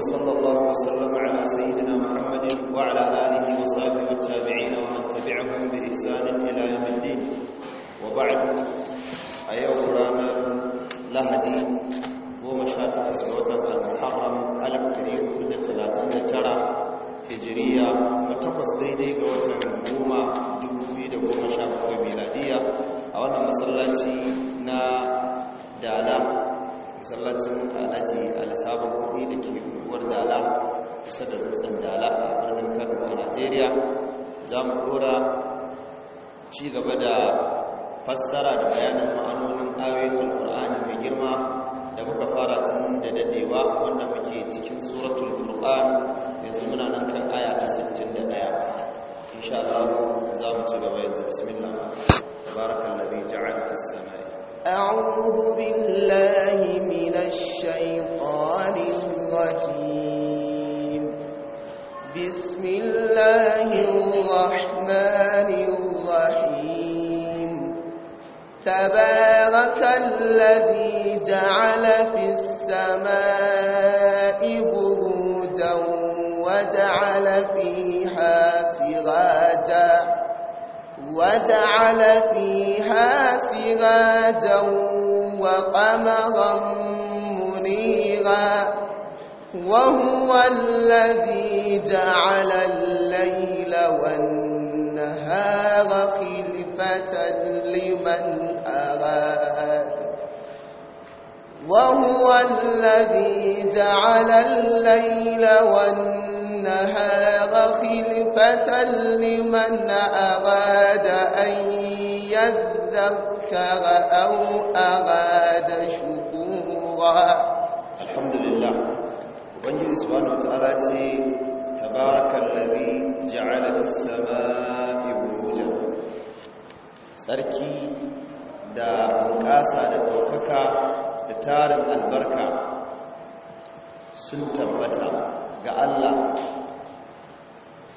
صلى الله وسلم على سيدنا محمد وعلى آله وصحبه والتابعين ومن تبعهم بإحسان إلى يوم الدين وبعد أي قرآن لهدي هو مشات الأسبوت المحرم على الكريم كل ثلاثين ترى هجرية وتقص ديدي قوتا مهومة دبوبي دبوبي شابه ميلادية أولا مصلاتي نا dalam masallacin alhaji lissabon kudi da ke unguwar dala kusa da dutsen dala a birnin kano a najeriya za mu dora ci gaba da fassara da bayanin ma'anonin ayoyin alkur'ani mai girma da muka fara tun da dadewa wanda muke cikin suratul furqan yanzu zumuna nan kan aya ta 61 insha Allah za mu ci gaba yanzu bismillah barakan ja'alaka as-sama أعوذ بالله من الشيطان الرجيم بسم الله الرحمن الرحيم تبارك الذي جعل في السماء بروجا وجعل في وجعل فيها سراجا وقمرا منيرا وهو الذي جعل الليل والنهار خلفة لمن أراد وهو الذي جعل الليل والنهار النهار خلفة لمن أراد أن يذكر أو أراد شكورا الحمد لله وبنجي سبحانه وتعالى تبارك الذي جعل في السماء بروجا سركي da bunƙasa da ɗaukaka da tarin albarka sun tabbata ga Allah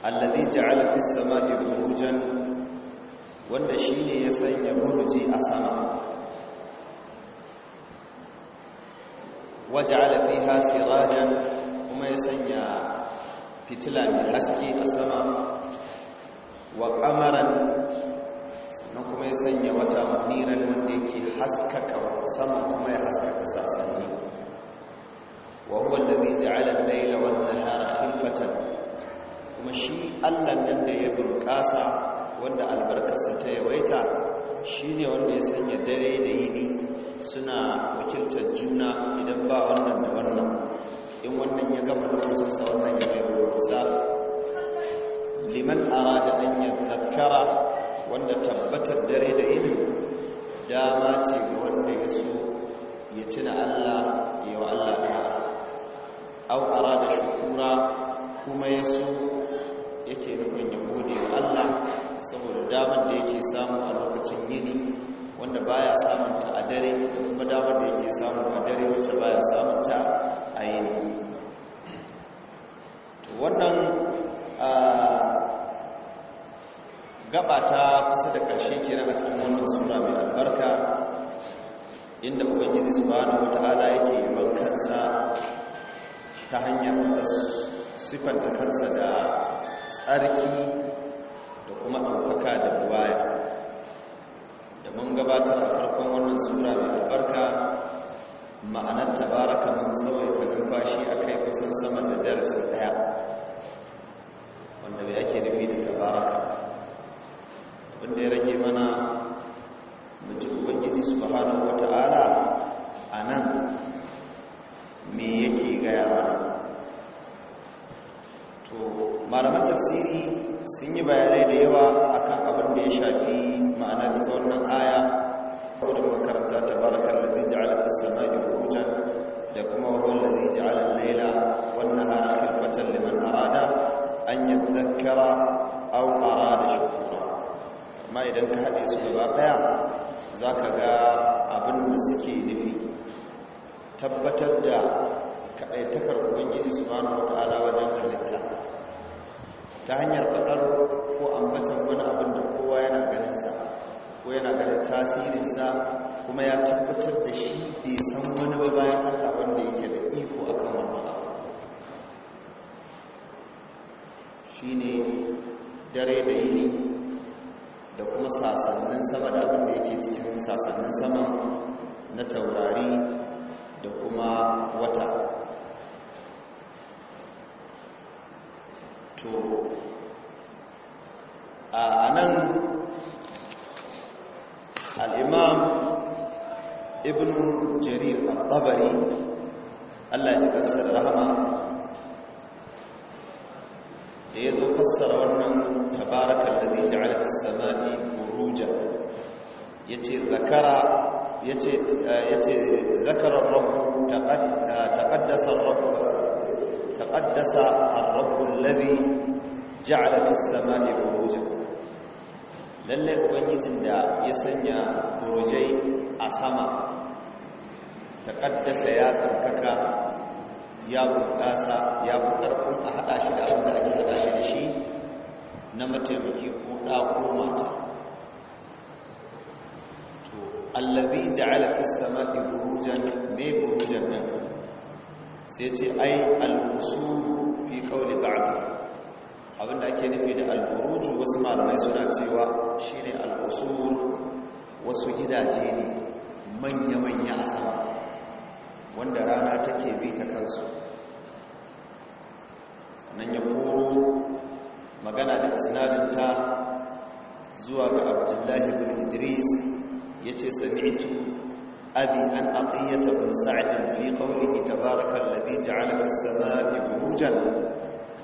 alladhi ja'ala fis sama'i burujan wanda shine ya sanya buruji a sama waja'ala fiha sirajan kuma ya sanya fitila mai haske a sama wa qamaran sannan kuma ya sanya wata muniran wanda yake haskaka sama kuma ya haskaka sasanni وهو الذي جعل الليل والنهار خلفة kuma shi allan nan da ya bunƙasa wanda albarkarsa ta yawaita shine wanda ya sanya dare da yini suna wakiltar juna idan ba wannan da wannan in wannan ya gama lokacinsa wannan ya kai lokacinsa liman arada an ya zakara wanda tabbatar dare da yini dama ce ga wanda ya so ya tuna allah ya wa allah ɗaya au da shukura kuma ya yake nufin ya gode wa Allah saboda damar da yake samu a lokacin yini wanda baya samun ta a dare kuma damar da yake samu a dare wacce baya samun ta a yini to wannan gaba ta kusa da ƙarshe ke na cikin wannan sura mai albarka inda ubangiji subhanahu wataala yake yi kansa ta hanyar siffanta kansa da tsarki da kuma ɗaukaka da buwaya da mun gabatar a farkon wannan sura mai albarka ma'anar tabaraka mun tsawaita numfashi a kai kusan sama da darasi ɗaya wanda bai ake nufi da tabaraka wanda ya rage mana mu ci ubangiji bahanu wata'ala a nan me yake gaya mana malaman tafsiri sun yi bayanai da yawa akan abin da ya shafi ma'anar ita wannan aya ko da makaranta barakar da zai ja'ala as-sama'i hujjar da kuma wannan da zai ja'ala al-laila wan nahara khilfatan liman arada an au aw arada shukura amma idan ka haɗe su gaba ɗaya ka ga abin da suke nufi tabbatar da kaɗaitakar ubangiji wata ala wajen halitta ta hanyar faɗar ko ambatan wani abin da kowa yana ganinsa ko yana ganin sa kuma ya tabbatar da shi bai san wani ba bayan allah wanda yake da iko kan wannan abu shi ne dare da yini da kuma sasannin sama da abin da yake cikin sasannin sama na taurari da kuma wata to a nan al'imam ibn jarir al-tabari allah ya ji kansa da rahama da ya zo fassara wannan tabarakar da zai ji'ala ta sama'i buruja ya ce zakara ya ce zakarar rabu taƙaddasar rabu تقدس الرب الذي جعل في السماء بروجا lalle ubangijin da ya sanya burujai a sama ta kaddasa ya tsarkaka ya bunƙasa ya fi ƙarfin a haɗa shi da abin da ake haɗa shi da shi na mataimaki ko ɗako mata to allabi ja'ala fi sama burujan me burujan nan sai ce ai al-usul fi qawli ba'd abinda ake nufi da al-buruj wasu malamai suna cewa shine al-usul wasu gidaje ne manya-manya a sama wanda rana take bi ta kansu sannan ya koro magana da sinadinta zuwa ga abdullahi ibn idris yace ce sami'tu أبي عن أطية بن سعد في قوله تبارك الذي جعل في السماء بروجا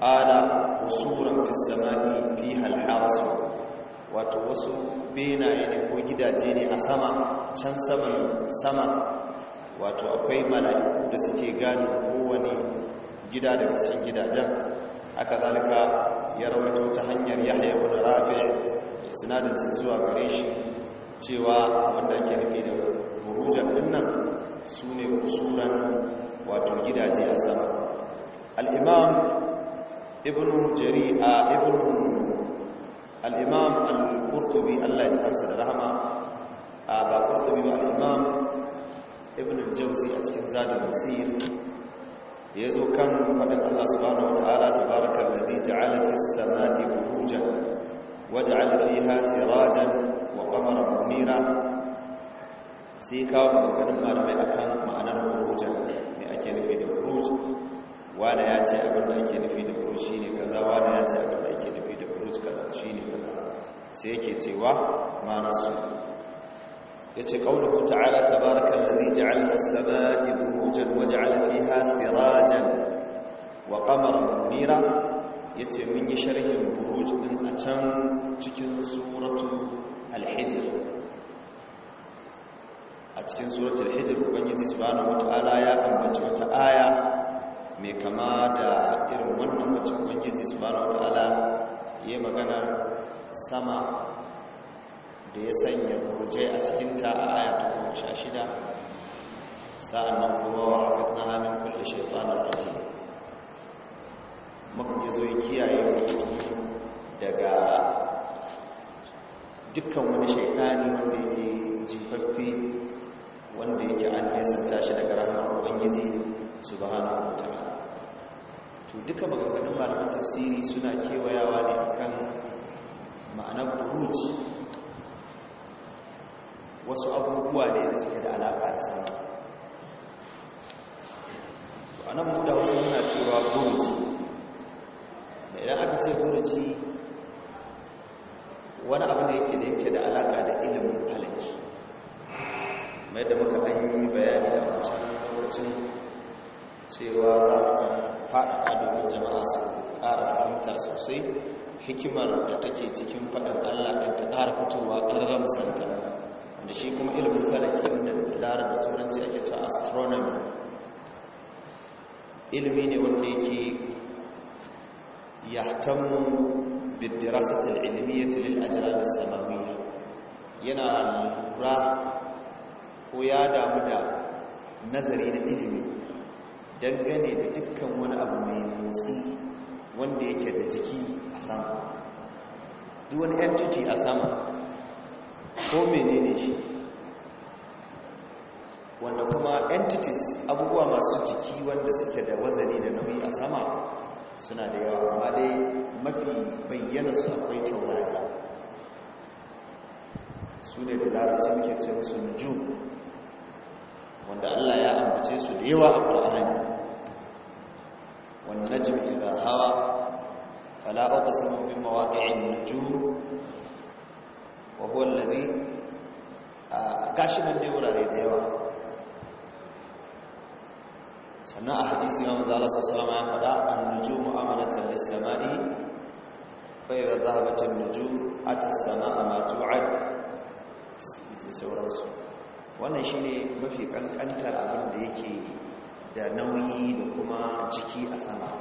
قال وصورا في السماء فيها الحرس وتوسو بين أن ko gidaje ne a sama can saman sama wato akwai mala'iku da suke gane kowane gida daga cikin gidajen haka zalika ya rawaito ta hanyar yahya ibn rafi' sanadin su zuwa gare shi cewa abinda ke nufi da hujjar dinnan su ne usulan wato gidaje a sama al'imam ibn jari a ibn al'imam al-kurtubi allah ya kansa da rahama a ba kurtubi ba al'imam ibn jauzi a cikin zadin musir ya zo kan faɗin allah subhanahu wa ta'ala Nadija, da zai ja'ala fi samadi burujan waje'ala Hasi, sirajan wa qamaran munira sai kawo maganganun malamai akan ma'anar hurujan ne ake nufi da huruj wanda ya ce abin da ake nufi da shi ne kaza wanda ya ce abin da ake nufi da huruj kaza shine kaza sai yake cewa ma'anar su yace qauluhu ta'ala tabarakal ladhi ja'ala as-samaa'a burujan wa ja'ala fiha sirajan wa kamar qamaran munira yace mun yi sharhin buruj din a can cikin suratu al a cikin suratul hijr ubangiji subhanahu wataala ya ambaci wata aya mai kama da irin wannan wacce ubangiji subhanahu wataala yayi magana sama da ya sanya burje a cikin ta a aya ta 16 sa'annan kuma wa hafidna min kulli shaytanir rajim muka yazo ya kiyaye daga dukkan wani shaytani wanda yake jifaffe wanda yake an nesanta shi daga rahamar ubangiji subhanahu wataala to duka maganganun malaman tafsiri suna kewayawa ne akan ma'anar buruj wasu abubuwa ne da suke da alaƙa da sama to a nan da wasu muna cewa buruj da idan aka ce buruji wani abu ne yake da yake da alaƙa da ilimin halaki kamar yadda muka ainihin bayani a wancan lokacin cewa za mu jama'a su ƙara fahimta sosai hikimar da take cikin faɗin allah ɗin ta ƙara fitowa ƙarar musanta da shi kuma ilimin falaki wanda larar da turanci ake ta astronomy ilimi ne wanda yake yahtammu bid dirasatil ilmiyyati lil ajran samawiyya yana lura ko ya damu da nazari da ilimi dangane da dukkan wani abu mai motsi wanda yake da jiki a sama duk wani entity a sama ko menene shi wanda kuma entities abubuwa masu jiki wanda suke da wazani da nauyi a sama suna da yawa amma dai mafi bayyana su akwai taurari su ne da larabci muke cewa musu nujum wanda Allah ya ambace su da yawa a Qur'ani wannan najmi idha hawa fala uqsimu bi mawaqi'in nujum wa huwa alladhi gashi nan dai wurare da yawa sannan a hadisi ma manzo Allah sallallahu alaihi wasallam ya faɗa an-nujumu amanatan lis-sama'i fa idha dhahabat an-nujum atat as-sama'a ma tu'ad sauransu wannan shi ne mafi kankantar abin da yake da nauyi da kuma ciki a sama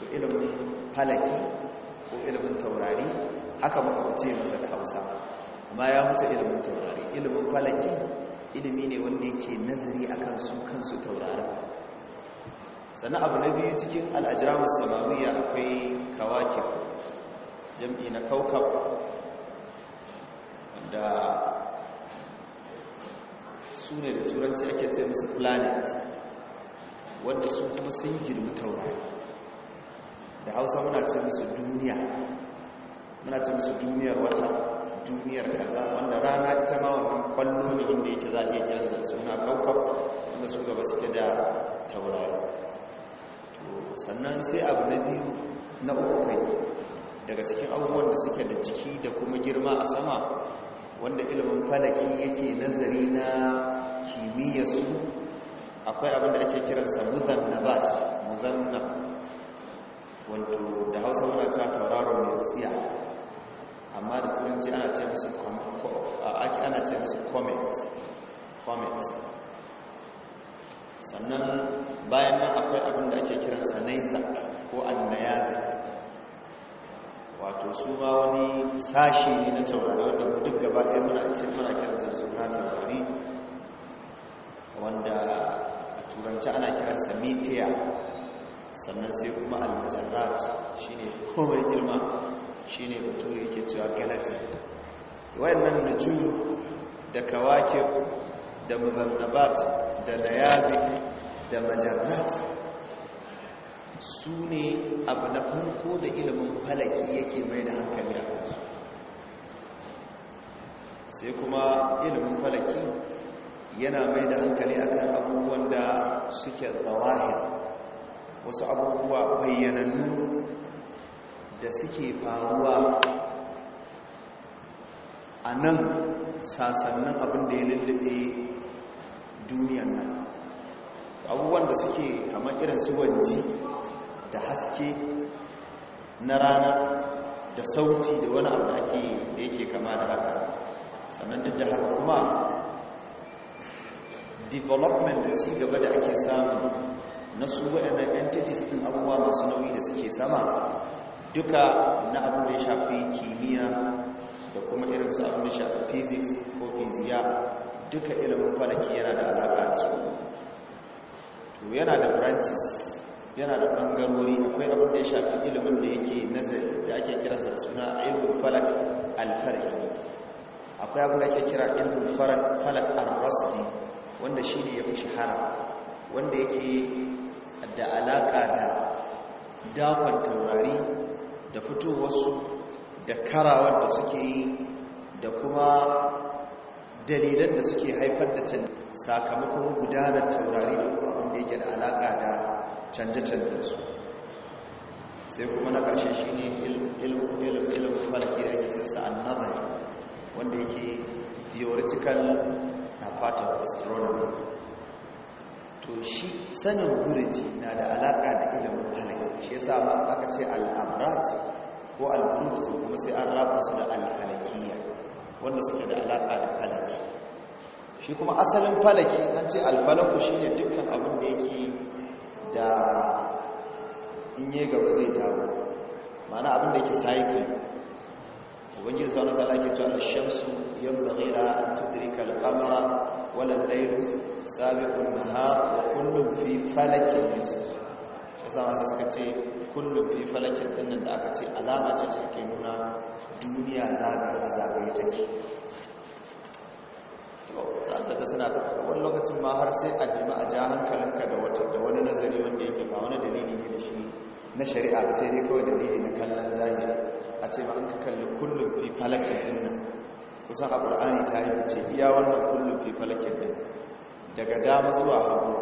to ilimin falaki ko ilimin taurari haka muka wuce masa da hausa amma ya wuce ilimin taurari ilimin falaki ilimi ne wanda yake nazari akan su kansu taurari sannan abu na biyu cikin al'ajiramus samariya akwai kawakif jam'i na kaukab da su ne da turanci ake ce musu planet wanda su kuma sun girbi taurari da hausa muna ce musu duniya muna ce musu duniyar wata duniyar kaza wanda rana ita ma wani kwallo ne inda yake za a iya kiransa suna kaukau inda su gaba suke da taurari sannan sai abu na biyu na uku daga cikin abubuwan da suke da jiki da kuma girma a sama wanda ilimin falaki yake nazari na kimiyya su akwai abin da ake kiransa muzan na ba shi muzan na wato da hausa wana ta tauraro mai tsiya amma da turanci ana ce musu ana ce musu sannan bayan nan akwai abin da ake kiransa naiza ko annayazik wato su ma wani sashi ne na taurari wanda mu duk gaba ɗaya muna cikin muna kiran zanzu na taurari wanda a turanci ana kiransa Samitiya sannan sai kuma shi shine komai girma shine bature yake cewa galaxy wayannan nujum da kawakib da muzannabat da nayazi da majarrat su ne abu na farko da ilimin falaki yake mai da hankali a kansu sai kuma ilimin falaki yana mai da hankali akan abubuwan da suke zawahir wasu abubuwa bayyanannu da suke faruwa a nan sasannin abin da ya lullube duniyan nan abubuwan da suke kamar irin su wanji da haske na rana da sauti da wani abu da ake yake kama da haka sannan duk da haka kuma development da ci gaba da ake samu na su waɗannan entities ɗin abubuwa masu nauyi da suke sama duka na abin da ya shafi kimiyya da kuma irin su abin da shafi physics ko physiya duka ilimin falaki yana da alaƙa da su to yana da branches yana da ɓangarori akwai abin da ya shafi ilimin da yake nazari da ake kiransa da suna ilmin falak alfarki akwai abin da ake kira ilmin falak arrasdi wanda shi ne ya fi shahara wanda yake da alaƙa da dakon taurari da fitowarsu da karawar da suke yi da kuma dalilan da suke haifar da sakamakon gudanar taurari da kuma abin da yake da alaƙa da canje canje su sai kuma na ƙarshe shi ne ilimin falki da yake cinsa a nazari wanda yake theoretical na part of astronomy to shi sanin guriji na da alaƙa da ilimin falki shi ya sama aka ce al'abrat ko al'urji kuma sai an raba su da alfalakiya wanda suke da alaƙa da falaki shi kuma asalin falaki an ce alfalaku shi ne dukkan abin da yake da in yi gaba zai dawo mana abin da yake ubangiji sau na tala ke cewa shamsu yan baghira an tudrika al-qamara wala al-layl ha kullum fi falakin shi kasa masu suka ce kullum fi falakin dinnan da aka ce alama ce take nuna duniya zaga a zagaye take to za ta suna ta wani lokacin ma har sai a nemi a ja hankalinka da wani na shari'a ba sai dai kawai dalili na kallon zahiri a ce ba an ka kalli kullum fi falakin din nan kusan a ƙar'ani ta yi ce iya wannan kullum fi falakin din daga dama zuwa hagu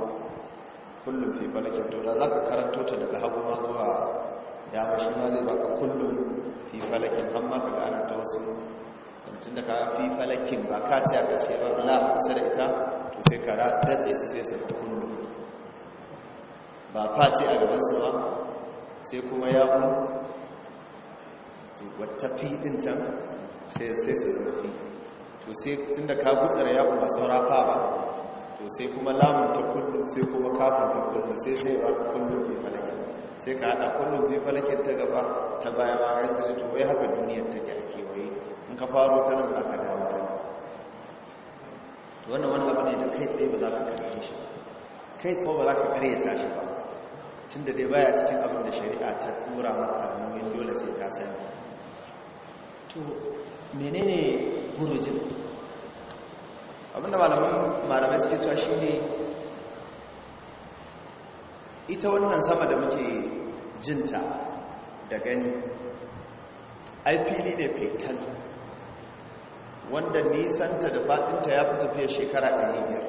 kullum fi falakin to da za ka karanto ta daga hagu ma zuwa dama shi ma zai baka kullum fi falakin amma ka gana ta wasu tun da ka fi falakin ba ka ce oh, a ƙarshe ba la kusa da ita to sai ka datse su sai su kullum ba face a gabansu ba sai kuma ya ku wata fi can sai sai su rufi to sai da ka gutsara ya ku masu rafa fa ba to sai kuma lamun ta kullum sai kuma kafin ta kullum sai sai ba kullum fi falakin sai ka haɗa kullum fi falakin ta gaba ta baya ma kai sai to wai haka duniyar ta a kewaye in ka faro ta nan za ka dawo ta nan to wannan wani abu ne da kai tsaye ba za ka karye shi kai tsaye ba za ka karye ta shi ba tun da dai baya cikin abin da shari'a ta dora maka nuyin dole sai ta sani to menene burujin abinda malamai suke cewa shi ne ita wannan sama da muke jinta da gani ai fili ne fetal wanda nisanta da faɗinta ya fi tafiya shekara biyar.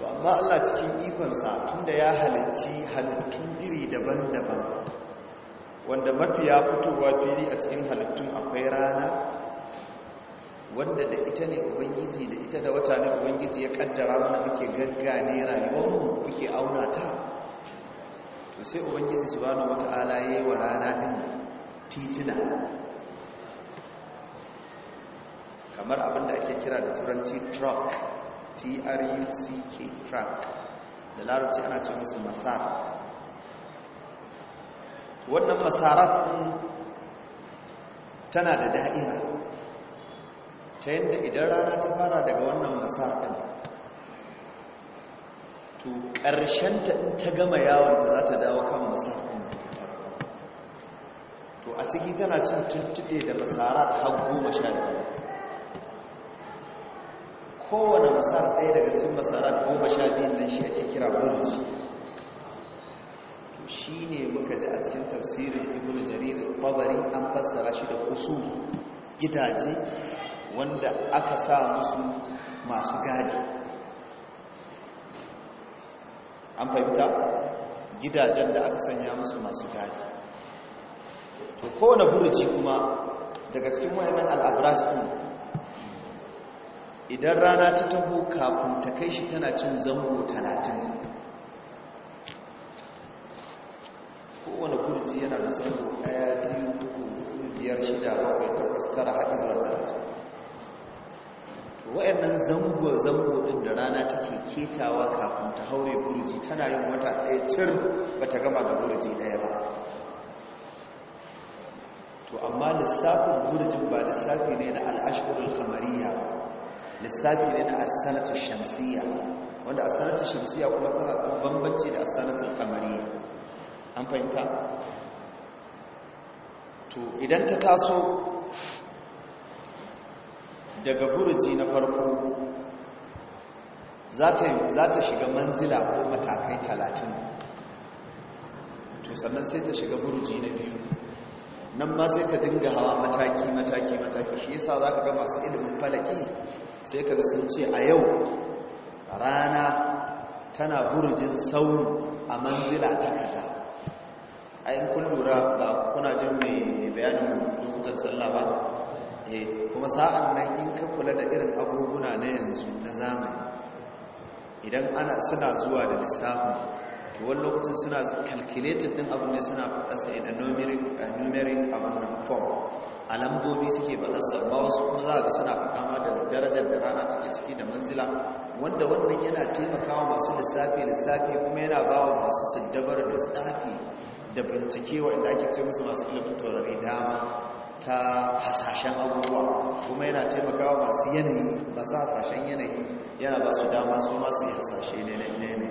to amma Allah cikin ikonsa tunda ya halarci halittu iri daban-daban wanda ya fitowa fili a cikin halittun akwai rana wanda da ita ne ubangiji da ita da wata ne ubangiji ya kaddara mana muke gaggane rayuwarmu muke auna ta to sai ubangiji subhanahu wata'ala yayi wa rana din titina kamar abinda ake kira da turanci truck truck e track da larabci ana ce musu masar wannan masarat tana da da'ira ta yadda idan rana ta fara daga wannan masar ɗin to ƙarshenta in ta gama yawonta za ta dawo kan masar ɗin to a ciki tana cin tuntuɗe da masarat har goma sha biyu kowane masar ɗaya daga cikin masarar goma sha biyun nan shi ake kira burji to shi ne muka ji a cikin tafsirin ibn jaridar tabari an fassara shi da kusu gidaje wanda aka sa musu masu gadi an fahimta gidajen da aka sanya musu masu gadi to kowane burji kuma daga cikin wayannan al'abrash idan rana ta taho kafin ta kai shi tana cin zango talatin kowane kurji yana da zango ɗaya biyu uku biyar shida bakwai takwas tara haɗi zuwa talatin wa'annan zango-zango ɗin da rana take ketawa kafin ta haure burji tana yin wata ɗaya cir ba ta gama da burji ɗaya ba to amma lissafin burjin ba lissafi ne na al'ashirar kamariya ba lissafi ne na asanatu shamsiyya wanda asanatu shamsiyya kuma tana da bambanci da asanatu kamari an fahimta to idan ta taso daga burji na farko za ta shiga manzila ko matakai talatin to sannan sai ta shiga burji na biyu nan ma sai ta dinga hawa mataki mataki mataki shi yasa za ka ga masu ilimin falaki sai ka sun ce a yau rana tana burjin saurin a manzila ta kasa a yin kun lura ba kuna jin mai bayanin lokutan sallah ba eh, kuma sa'an nan in ka kula da irin agoguna na yanzu na zamani idan ana suna zuwa da lissafin to wani lokacin suna calculated din abu ne suna fadasa in a numeric form a lambobi suke faɗarsa ba wasu kuma za a ga suna kama da darajar da rana take ciki da manzila wanda wannan yana taimakawa masu lissafi lissafi kuma yana ba wa masu sindabar da tsafi da bincike wanda ake ce musu masu ilimin taurari dama ta hasashen abubuwa kuma yana taimakawa masu yanayi masu hasashen yanayi yana ba su dama su masu yi hasashe ne na ne.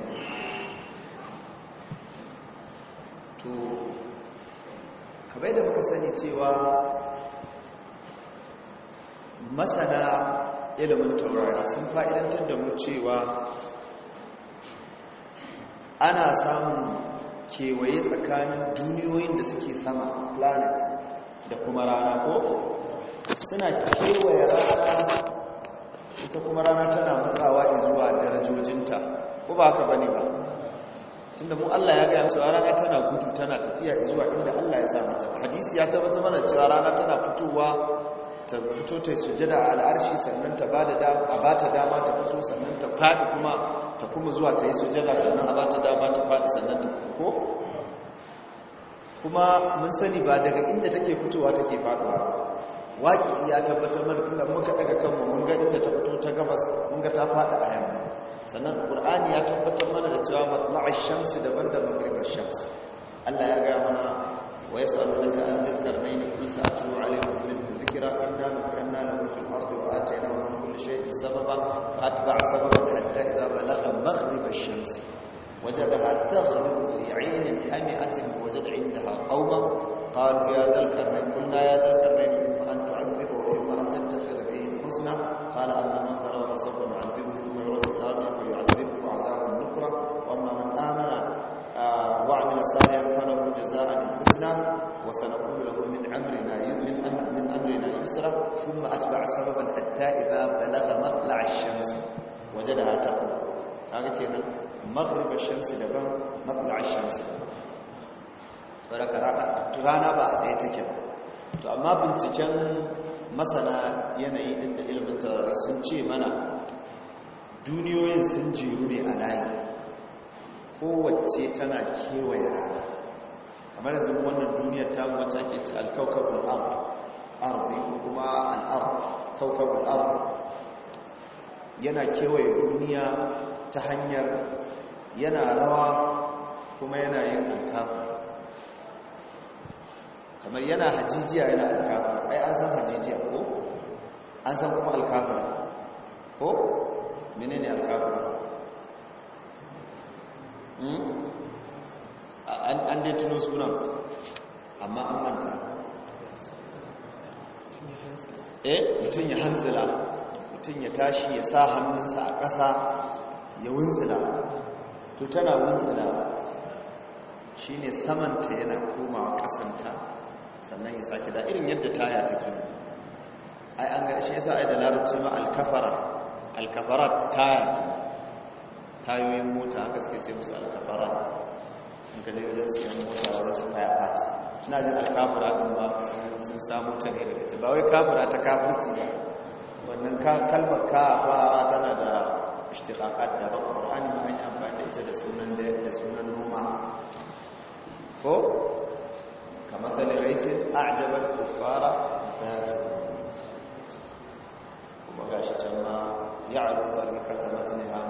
to kamar da muka sani cewa masana ilimin taurari sun fa'idantar da mu cewa ana samun kewaye tsakanin duniyoyin da suke sama planet da kuma rana ko suna kewaye rana ita kuma rana tana matsawa zuwa darajojinta ko ba haka bane ba tunda mu Allah ya gaya cewa rana tana gudu tana tafiya zuwa inda Allah ya samu ta. hadisi ya tabbata mana cewa rana tana fitowa ta fito ta sujada a al'arshi sannan ta ba ta dama ta fito sannan ta faɗi kuma ta kuma zuwa ta yi sujada sannan a ba ta dama ta faɗi sannan ta ko kuma mun sani ba daga inda take fitowa take faɗuwa waƙi ya tabbatar mana tunda muka daga kanmu mun ga inda ta fito ta gabas mun ga ta faɗi a yamma sannan qur'ani ya tabbatar mana da cewa matla'ash shamsi daban da maghribash shams Allah ya ga mana wa yasalunaka an dhikr bayna kulli sa'atin wa alaykum ذكرى إنا مكنا له في الأرض وآتيناه من كل شيء سببا فأتبع سببا حتى إذا بلغ مغرب الشمس وجدها تغرب في عين حمئة وجد عندها قوما قالوا يا ذا الكرمين قلنا يا ذا الكرمين إما أن تعذب وإما أن تتخذ فيهم حسنا قال أما من ترى فسوف idza balagha matla' ash-shams wajadaha taqrub kaga kenan maghrib ash-shams daban matla' ash-shams ba a tsaye take ba to amma binciken masana yanayi din da ilimin taurari sun ce mana duniyoyin sun ne a layi kowace tana kewaye rana kamar yanzu wannan duniyar ta wata ke ta kuma kawkawar arba yana kewaye duniya ta hanyar yana rawa kuma yana yin alkafa kamar yana hajijiya yana alkafa ai an san hajijiya ko an san kuma alkafa ko mene ne alkafa hmm? an dai tuno suna amma an manta Eh? mutum ya hanzila mutum ya tashi ya sa hannunsa a ƙasa ya wunzila to tana wunzila shi ne samanta yana komawa ƙasanta sannan ya sake da irin yadda taya take yi ai an ga shi yasa ai da larabci ma alkafara ta taya tayoyin mota haka suke ce musu alkafara in ka je wajen siyan mota wajen su taya fati suna jin alkafura ɗin ba sun samu ta ne daga ba wai kafura ta kafirci ba wannan kalmar fara tana da ishtiqaqat da a qur'ani ma an yi amfani da ita da sunan da sunan noma ko kamar da raisin a'jabar kuffara da ta kuma gashi can ma ya'alu barka ta matniha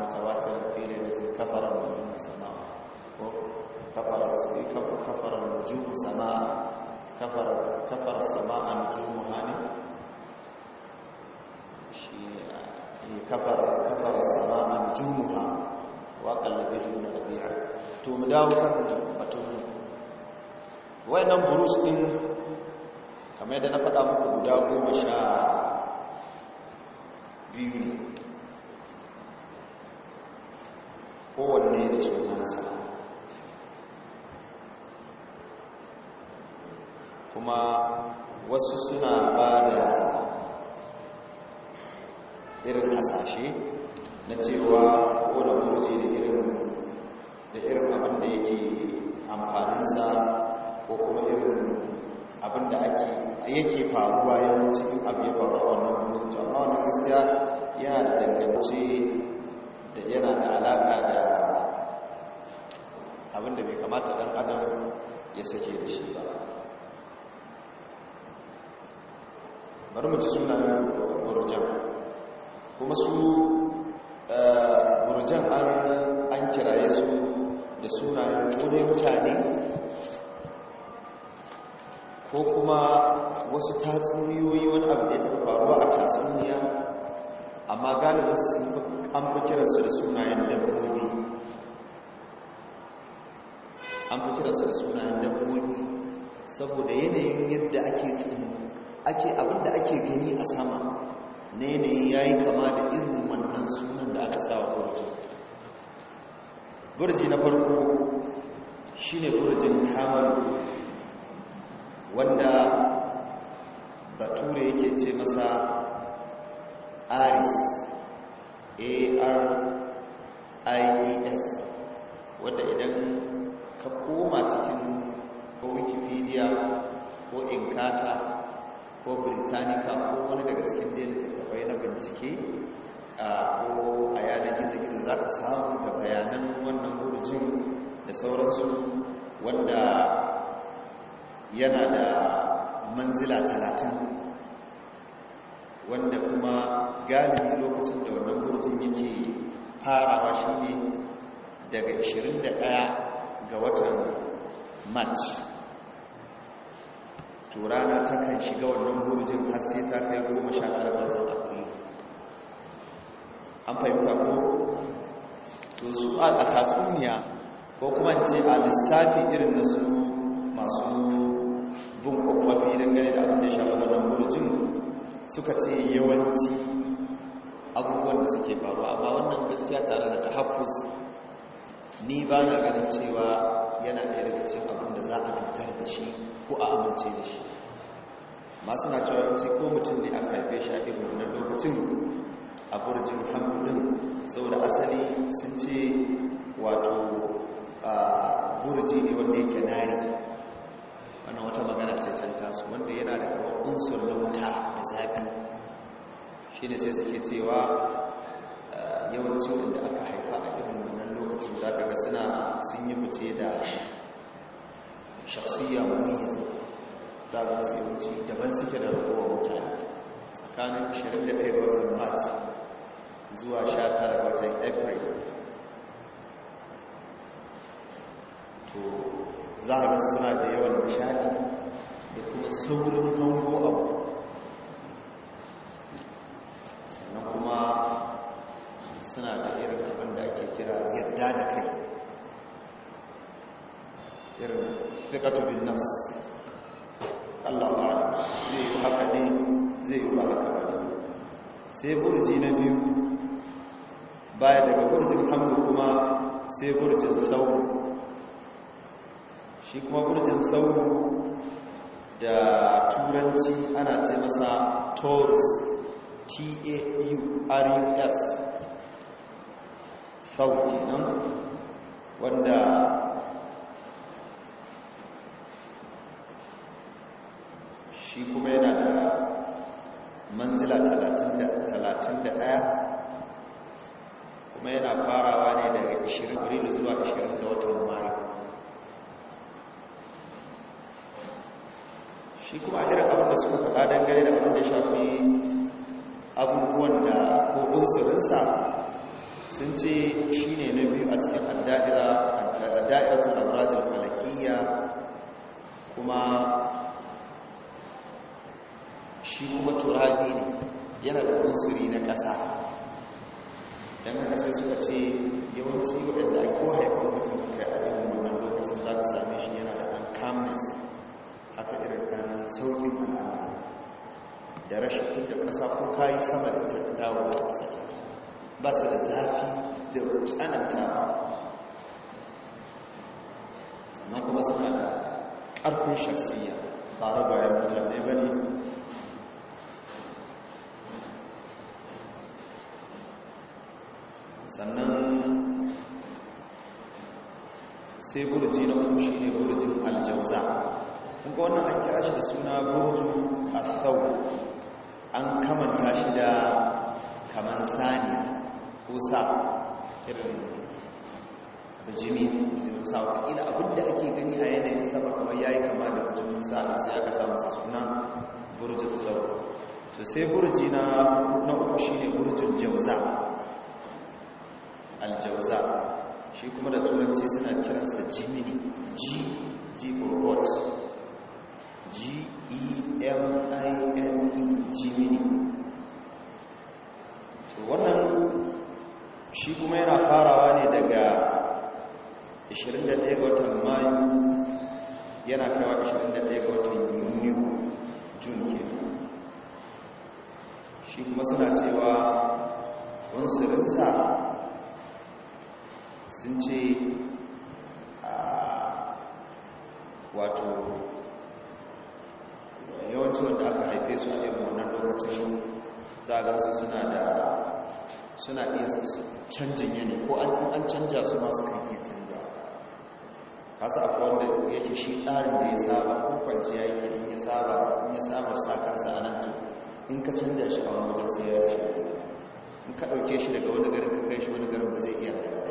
sai kafar nujum sama'a kafar sama'a nujum hani shi ne eh, kafar kafar sama'a nujum ha wa qalbihi min rabi'a to mu dawo kan batun wannan burus din kamar yadda na faɗa muku guda goma sha biyu ne kowanne da sunansa kuma wasu suna ba da irin hasashe na cewa ko da burji da irin da irin abin da yake amfaninsa ko kuma irin abin da yake faruwa yawanci in abu ya faru a wannan burji to amma gaskiya yana da dangance da yana da alaƙa da abin da bai kamata ɗan adam ya sake da shi ba bari mu ci sunan burjan kuma su eh, burujan an kiraye su da suna wani mutane ko kuma wasu tatsuniyoyi wani abu da ya faruwa a tatsuniya amma su sun fi an fi kiransu da sunayen dabbobi an fi kiransu da sunayen dabbobi saboda yanayin yadda ake tsini ake abinda ake gani a sama na yanayi ya yi kama da irin wannan sunan da aka sawa burji burji na farko shi ne burjin hamalu wanda bature yake ce masa aris a-r-i-e-s wanda idan ka koma cikin wikipedia ko inkata ko britannica ko wani daga cikin daya littattafai na bincike ko a yanar gizo-gizo za ka samu da bayanan wannan gurjin da sauransu wanda yana da manzila talatin wanda kuma galibi lokacin da wannan gurjin yake farawa shi ne daga 21 ga watan march to rana ta kan shiga wannan burjin har sai ta kai goma sha tara ga watan afrilu an fahimta ko to su a tatsuniya ko kuma ce a lissafi irin na su masu bin kwakwafi dangane da abin da shafi wannan burjin suka ce yawanci abubuwan da suke faruwa amma wannan gaskiya tare da ta hafuz ni ba na ganin cewa yana ɗaya daga cikin abin da za a dokar da shi ko a amince da shi masu na cewa ko mutum ne aka haife shi a irin wannan lokacin a burjin hamdulin saboda asali sun ce wato a burji ne wanda yake nari wannan wata magana ce can tasu wanda yana da kamar unsur na wuta da zafi shi ne sai suke cewa yawancin wanda aka haifa su za ka ga suna sun yi fice da shakhsiyya mumayyiz za ka su yi wuce daban suke da rukowa mutane tsakanin 21 watan march zuwa 19 watan april to za a gan suna da yawan nishadi da kuma saurin hango abu sannan kuma suna da irin abin da ake kira yadda da kai irin fikatu bin nafs Allah ba zai yi haka ne zai yi haka ne sai burji na biyu baya daga burjin hamdu kuma sai burjin sauru. shi kuma burjin sauru. da turanci ana ce masa taurus t-a-u-r-u-s sau kenan wanda shi kuma yana da manzila 31 kuma yana farawa ne daga 20 zuwa 20 ga watan mayu shi kuma irin abin da suka faɗa dangane da abin da shafi abubuwan da ko bunsurinsa sun ce shi ne na biyu a cikin da'iratun abrajin falakiyya kuma shi kuma turabi ne yana da unsuri na ƙasa ɗan haka sai suka ce yawanci waɗanda a ko haifar mutum kai a wannan lokacin za ka same shi yana da ɗan kamnes haka irin ɗan sauƙin al'ada da rashin tun da ƙasa ko kayi sama da ita dawo a ba su da zafi da ba sannan kuma suna da ƙarfin shaksiya ba ya mutane ba ne sannan sai burji na uku shi ne burjin aljauza kuma wannan an kira shi da suna burju a an kamanta shi da kamar saniya ko sa irin bijimi bijimin sa watakila abinda ake gani a yanayin sama kamar ya yi kama da bijimin sa a sai aka samu su suna burjin zau to sai burji na uku shi ne burjin jauza aljauza shi kuma da turanci suna kiransa jimini g g for what g-e-m-i-n-e e, jimini to wannan shi kuma yana farawa ne daga 21 watan mayu yana kawo 21 watan yuni jun ke shi kuma suna cewa wansirinsa sun ce a wato yawanci wanda aka haife su a yi wannan lokacin za a gansu suna da suna iya canjin yanayi ko an canja su masu kan iya canja kasa akwai wanda yake shi tsarin da ya saba ko kwanciya yake in ya saba in ya saba sa kansa a nan to in ka canja shi a wani wajen sai ya rashe in ka ɗauke shi daga wani garin ka kai shi wani garin ba zai iya rayuwa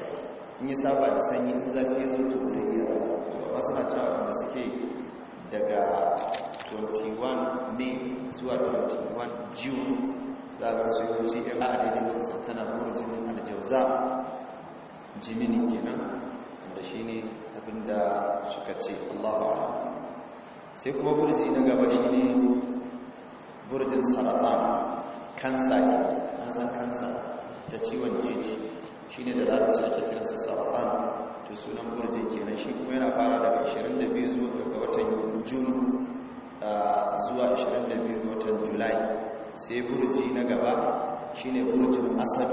in ya saba da sanyi in zafi ya zo to zai iya rayuwa to amma suna cewa wanda suke daga 21 may zuwa 21 june za ka su yawanci ima a daidai lokacin tana burin jinin aljauza jimini kenan wanda shi ne abinda suka ce allahu ala sai kuma burji na gaba shi ne burjin sarrafa kansa ke an san kansa ta ciwon jeji shi ne da larabci ake kiransa sarrafa to sunan burjin kenan shi kuma yana fara daga 22 zuwa ga watan jun ah, zuwa 22 watan julai sai burji na gaba shine burjin asad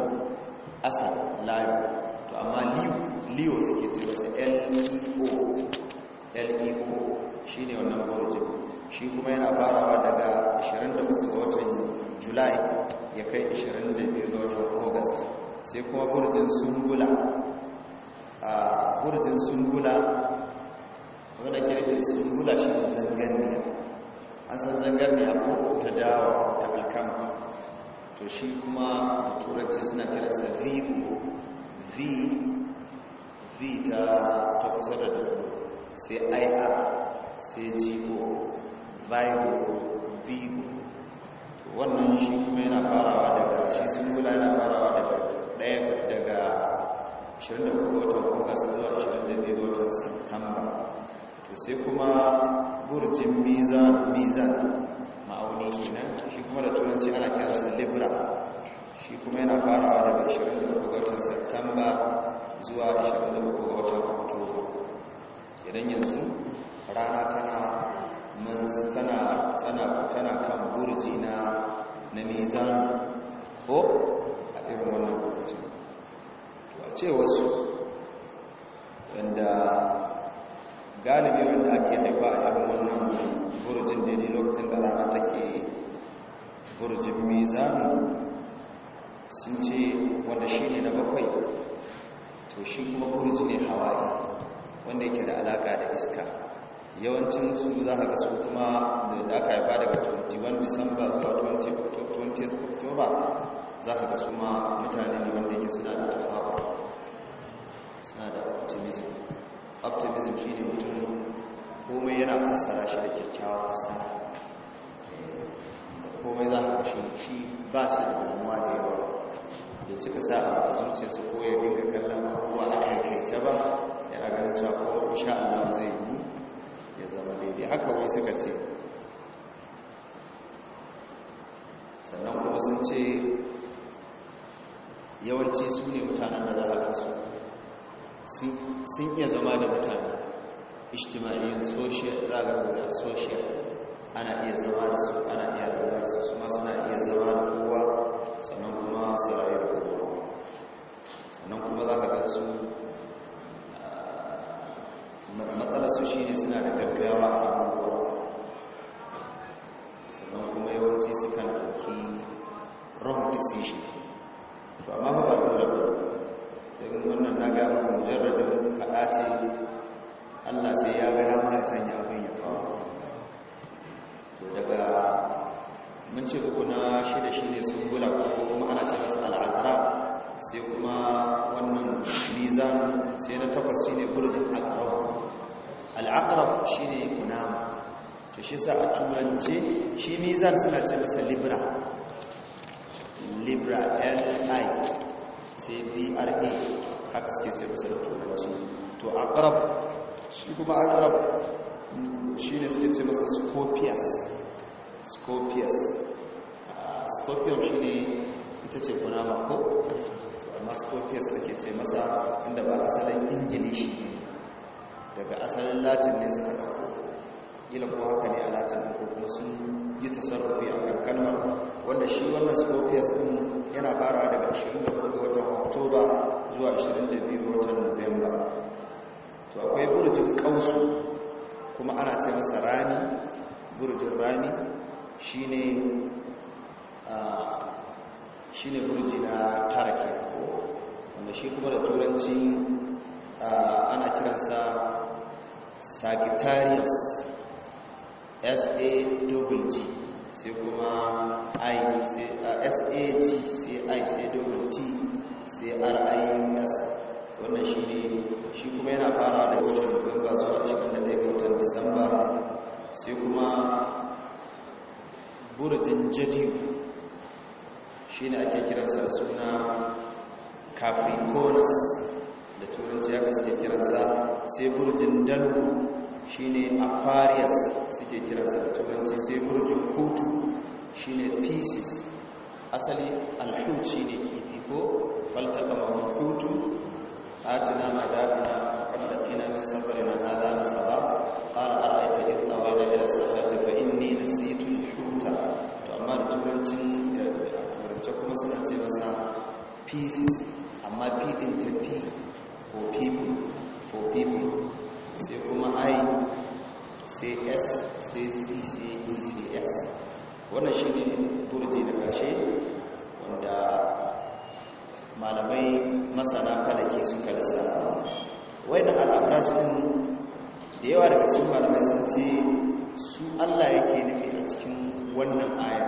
asad lion to amma liyo leo suke ce wasu leo leo shine wannan burjin shi kuma yana farawa daga 23 ga watan july ya kai 25 ga watan august sai kuma burjin sungula a burjin sungula wanda ke nufin sungula shi ne biyar an san zangar ne abu ta dawa ta alkama to shi kuma da turanci suna kiransa vigo v v ta ta kusa da dubu sai ir sai jigo vigo vigo wannan shi kuma yana farawa daga shi sun singula yana farawa daga daya daga 23 watan august zuwa 22 watan september to sai kuma burjin mizan mizan ma'auni kenan shi kuma da turanci ana kiransa libra shi kuma yana farawa daga 24 ga watan Satumba zuwa 24 ga watan Oktoba idan yanzu rana tana tana tana tana kan burji na na mizan ko a irin wannan burjin to a ce wasu wanda galibi wanda ake haifa a irin wannan burjin daidai lokacin da rana take burjin mizanu sun ce wanda shi ne na bakwai to shi kuma burji ne hawaii wanda yake da alaka da iska yawancin su za a ga su kuma da aka haifa daga 21 disamba zuwa 20 oktoba za a ga su ma mutane ne wanda yake suna da tafawa suna da optimism optimism shi ne mutum komai yana fassara shi da kyakkyawa fassara komai za a kashe shi ba shi da damuwa da yawa da cika sa a zuciyarsa ko ya dinga kallon abubuwa a ta ba yana ganin cewa ko insha Allah zai yi ya zama daidai haka wai suka ce sannan kuma sun ce yawanci su ne mutanen da za a gansu sun iya zama da mutane ishtimaliyin social ana iya zama da su ana iya zama da su su iya zama da kowa sannan kuma su rayu da kowa sannan kuma za ka gansu ah, matsalarsu shi ne suna da gaggawa a abubuwa sannan kuma yawanci sukan ɗauki wrong decision ba ma ba ba da ba daga wannan na gaba mujarradin faɗa ce allah sai ya ga dama ya sanya abin ya faru to daga mun ce uku na shida shi ne sun gula ko kuma ana ce masa al'adara sai kuma wannan nizan sai na takwas shi ne burjin akwai al'akrab shi ne kunama to shi sa a turance shi nizan suna ce masa libra libra I. sai bra haka suke ce masa da turanci to akarab shi kuma akarab shi ne suke ce masa scopius scopius ah, scorpion shi ne ita ce kunama ko amma scorpius da ke ce masa inda ba asalin ingilishi daga asalin latin ne suka ɗauko ƙila kuma haka ne a latin ko kuma sun yi tasarrufi a kan wanda shi wannan scopias din yana fara daga 24 ga watan oktoba zuwa 22 ga watan november to akwai burjin kausu kuma ana ce masa rami burjin rami shine ne burji na tara ko wanda shi kuma da turanci ana kiransa sagittarius G sai kuma i A sag sai i sai double t sai ris wannan shi ne shi kuma yana fara da watan nuwamba zuwa 21 ga watan disamba sai kuma burjin jadiyu shi ne ake kiransa da suna capricornus da turanci aka ke kiransa sai burjin dalu shine aquarius suke kiransa da turanci sai burjin hutu shine pieces asali alhut shine kifi ko faltaqama hutu atina adabina qaddaqina min safarina hadha nasaba qala ara'aita in da ila as ta, fa inni na al-huta to amma da turancin da turance kuma suna ce masa pieces amma p ta for people for people sai kuma i sai s sai c sai e sai s wannan shi ne burji da karshe wanda malamai masana falake suka Wai na al'abras sun, da yawa daga cikin malamai sun ce su Allah yake nufi a cikin wannan aya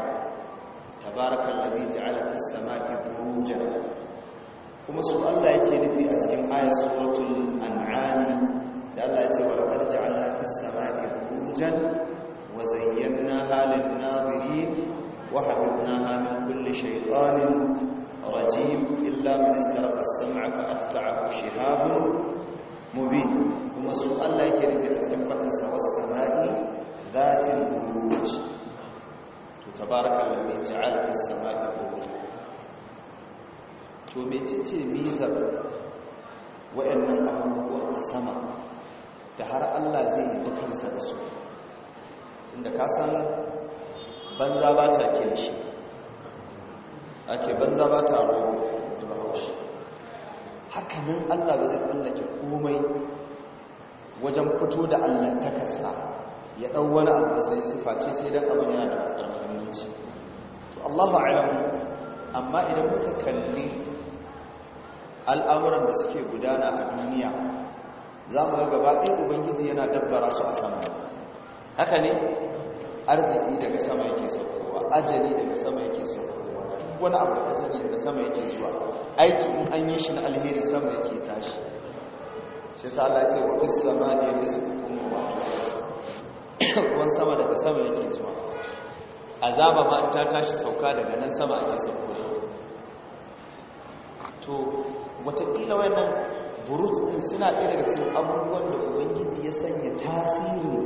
tabarakallazi ja'ala fis samai burujan kuma su Allah yake nufi a cikin ayat suratul an'ami da Allah ya ce wa laqad ja'alna fis samai burujan wa zayyanaha lin nadirin wa habibnaha min kulli shaytanin rajim illa man istaraqa as-sam'a fa atba'ahu shihabun mubin kuma su Allah yake nufi a cikin fadin sa was samai dhatil buruj to tabarakallazi ja'ala fis samai burujan to mecece mizar wa'annan abubuwan a sama da har allah zai yi kansa da su tunda ka san banza ba ta kilishi ake banza ba ta rogo da bahaushe nan allah ba zai tsallake komai wajen fito da allah ta kasa ya ɗau wani albasai sifaci sai don abin yana da matsar muhimmanci to allah alamu amma idan muka kalli al'amuran da suke gudana a duniya za mu ga gaba ɗaya ubangiji yana dabbara su a sama haka ne arziki daga sama yake saukowa ajali daga sama yake saukowa duk wani abu da ka sani daga sama yake zuwa aiki in an yi shi na alheri sama yake tashi shi sa Allah ce wa ya samani kuma wa ruwan sama daga sama yake zuwa azaba ma ta tashi sauka daga nan sama ake saukowa da to watakila wannan burut din suna ɗaya daga cikin abubuwan da ubangiji ya sanya tasiri.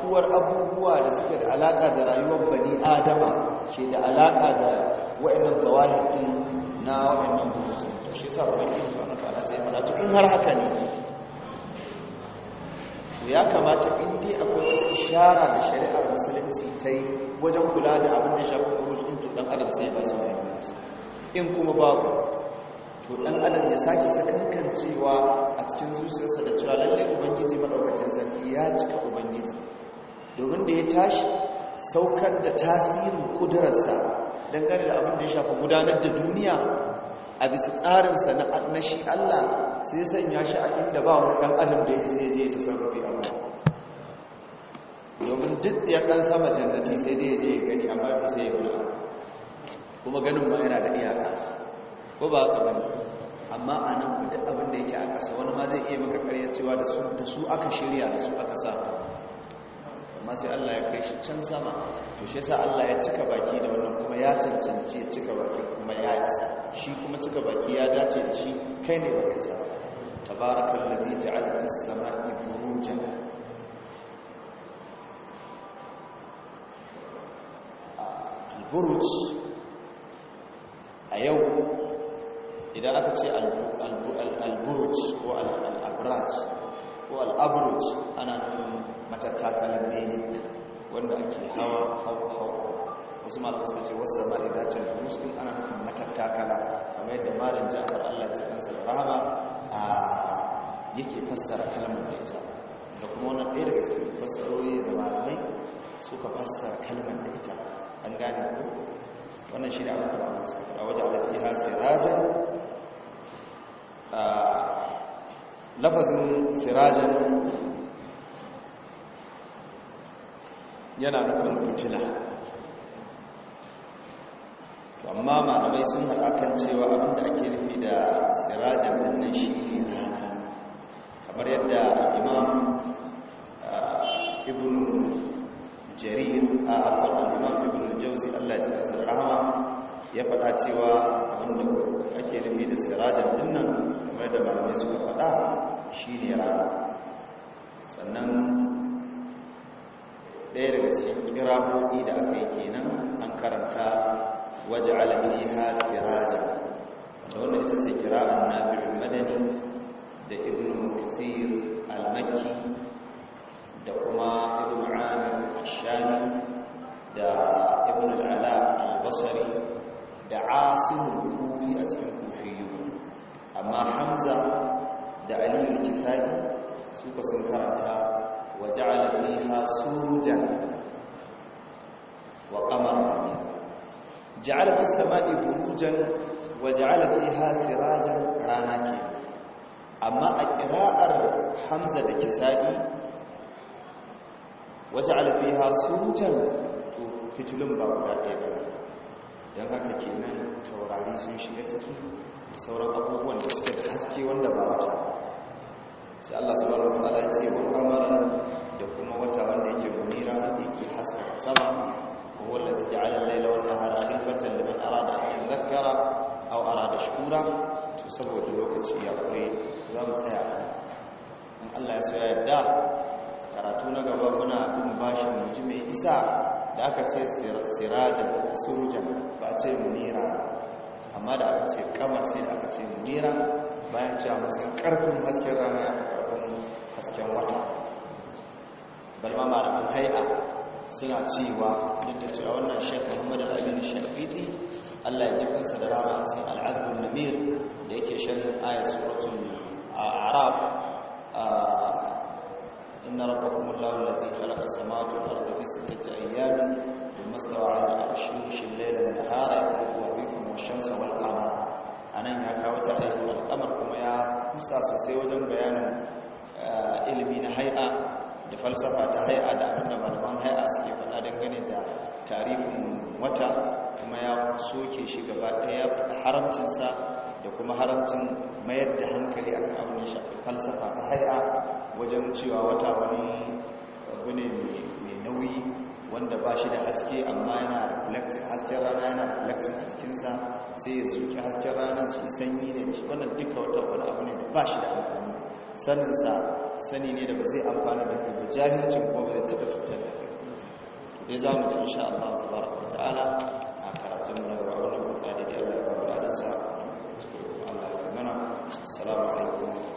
kuwar abubuwa da suke da alaƙa da rayuwar bani adama ke da alaƙa da wa'annan zawahir din na wa'annan burutun to shi ubangiji wani sai mana in har haka ne ya kamata in dai akwai wata ishara da shari'ar musulunci ta yi wajen kula da abin da shafi burutun cikin dan adam sai ba su in kuma babu to ɗan adam ya sake sakankancewa a cikin zuciyarsa da cewa lallai ubangiji maɗaukacin sarki ya cika ubangiji domin da ya tashi saukar da tasirin kudararsa dangane da abin da ya shafi gudanar da duniya a bisa tsarinsa na shi Allah sai ya sanya shi a inda ba wani ɗan adam da ya sai je ta sarrafi wani. domin duk ya ɗan sama jannati sai dai ya je ya gani amma sai ya kuma ganin ma yana da iyaka ko ba haka bane amma a nan ku duk abin da yake a ƙasa wani ma zai iya maka ƙarya cewa da su aka shirya da su aka sa amma sai Allah ya kai shi can sama to shi yasa Allah ya cika baki da wannan kuma ya cancanci ya cika baki kuma ya isa shi kuma cika baki ya dace da shi kai ne baka isa tabarakallazi ja'ala fis sama'i burujan ah, al-buruj a yau idan aka ce alburuj ko al'abraj ko al'abruj ana nufin matattakalar bene wanda ake hawa hawa hawa wasu malamai suka ce wasu zama da can da din ana nufin matattakala kamar yadda malam ja'far allah ya kansa da rahama a yake fassara kalmar da ita da kuma wannan ɗaya daga cikin fassarori da malamai suka fassara kalmar da ita an gane ku wannan shi ne abin da malamai suka wajen alaƙi ha lafazin sirajan yana nufin fitila amma malamai sun haɗa kan cewa abinda ake nufi da sirajan wannan shi ne rana kamar yadda imam ibn jarir a akwai imam ibn jauzi allah ya ji rahama ya faɗa cewa abinda ake rufe da sirajan dinnan kamar da malamai suka faɗa shi ne rana sannan ɗaya daga cikin kirahoɗi da aka yi kenan an karanta waje alaƙi ha sirajan da wanda ita ce kira'an nafi'in madani amma hamza da aliyu kisa'i suka sun karanta wa ja'ala fiha surujan wa qamara ja'ala fis sama'i burujan wa ja'ala fiha sirajan rana ke amma a kira'ar hamza da kisa'i wa ja'ala fiha surujan to fitulun ba guda ɗaya ba dan haka kenan taurari sun shiga ciki sauran abubuwan da suke da haske wanda ba wata sai Allah subhanahu wataala ya ce wa amara da kuma wata wanda yake munira yake haska sama huwa alladhi ja'ala al-layla wan nahara khilfatan liman arada an yadhakkara aw arada shukura to saboda lokaci ya kure za mu tsaya a in Allah ya so ya yarda karatu na gaba muna bin bashin mai isa da aka ce sirajan surujan ba ce munira amma da aka ce kamar sai da aka ce nera bayan cewa masan karfin hasken rana ya fi karfin hasken wata balma malamin hai'a suna cewa duk da cewa wannan shek muhammad al'adun amin allah ya ji kansa da rama a cikin al'adun namir da yake sharhin ayat a araf ah, إن ربكم الله الذي خلق السماوات والأرض في ستة أيام ثم استوى على العرش يغشي الليل والنهار يطلبه بكم والشمس والقمر أنا يا كاو تعريف القمر كما يا موسى سوسي وجن بيان ilimi na hai'a da falsafa ta hai'a da abin da malaman hai'a suke faɗa dangane da tarifin wata kuma ya soke shi gaba ɗaya haramcinsa da kuma haramcin mayar da hankali a kan abin shafi falsafa ta haya wajen cewa wata wani abu ne mai nauyi wanda ba shi da haske amma yana reflecting hasken rana yana reflecting a cikinsa, sai ya zuki hasken rana su sanyi ne da shi wannan duka wata wani abu ne da ba shi da amfani saninsa sani ne da ba zai amfana da kai ba jahilcin kuma ba zai taɓa cutar da kai za mu ji insha Allah ta'ala a karatun mu السلام عليكم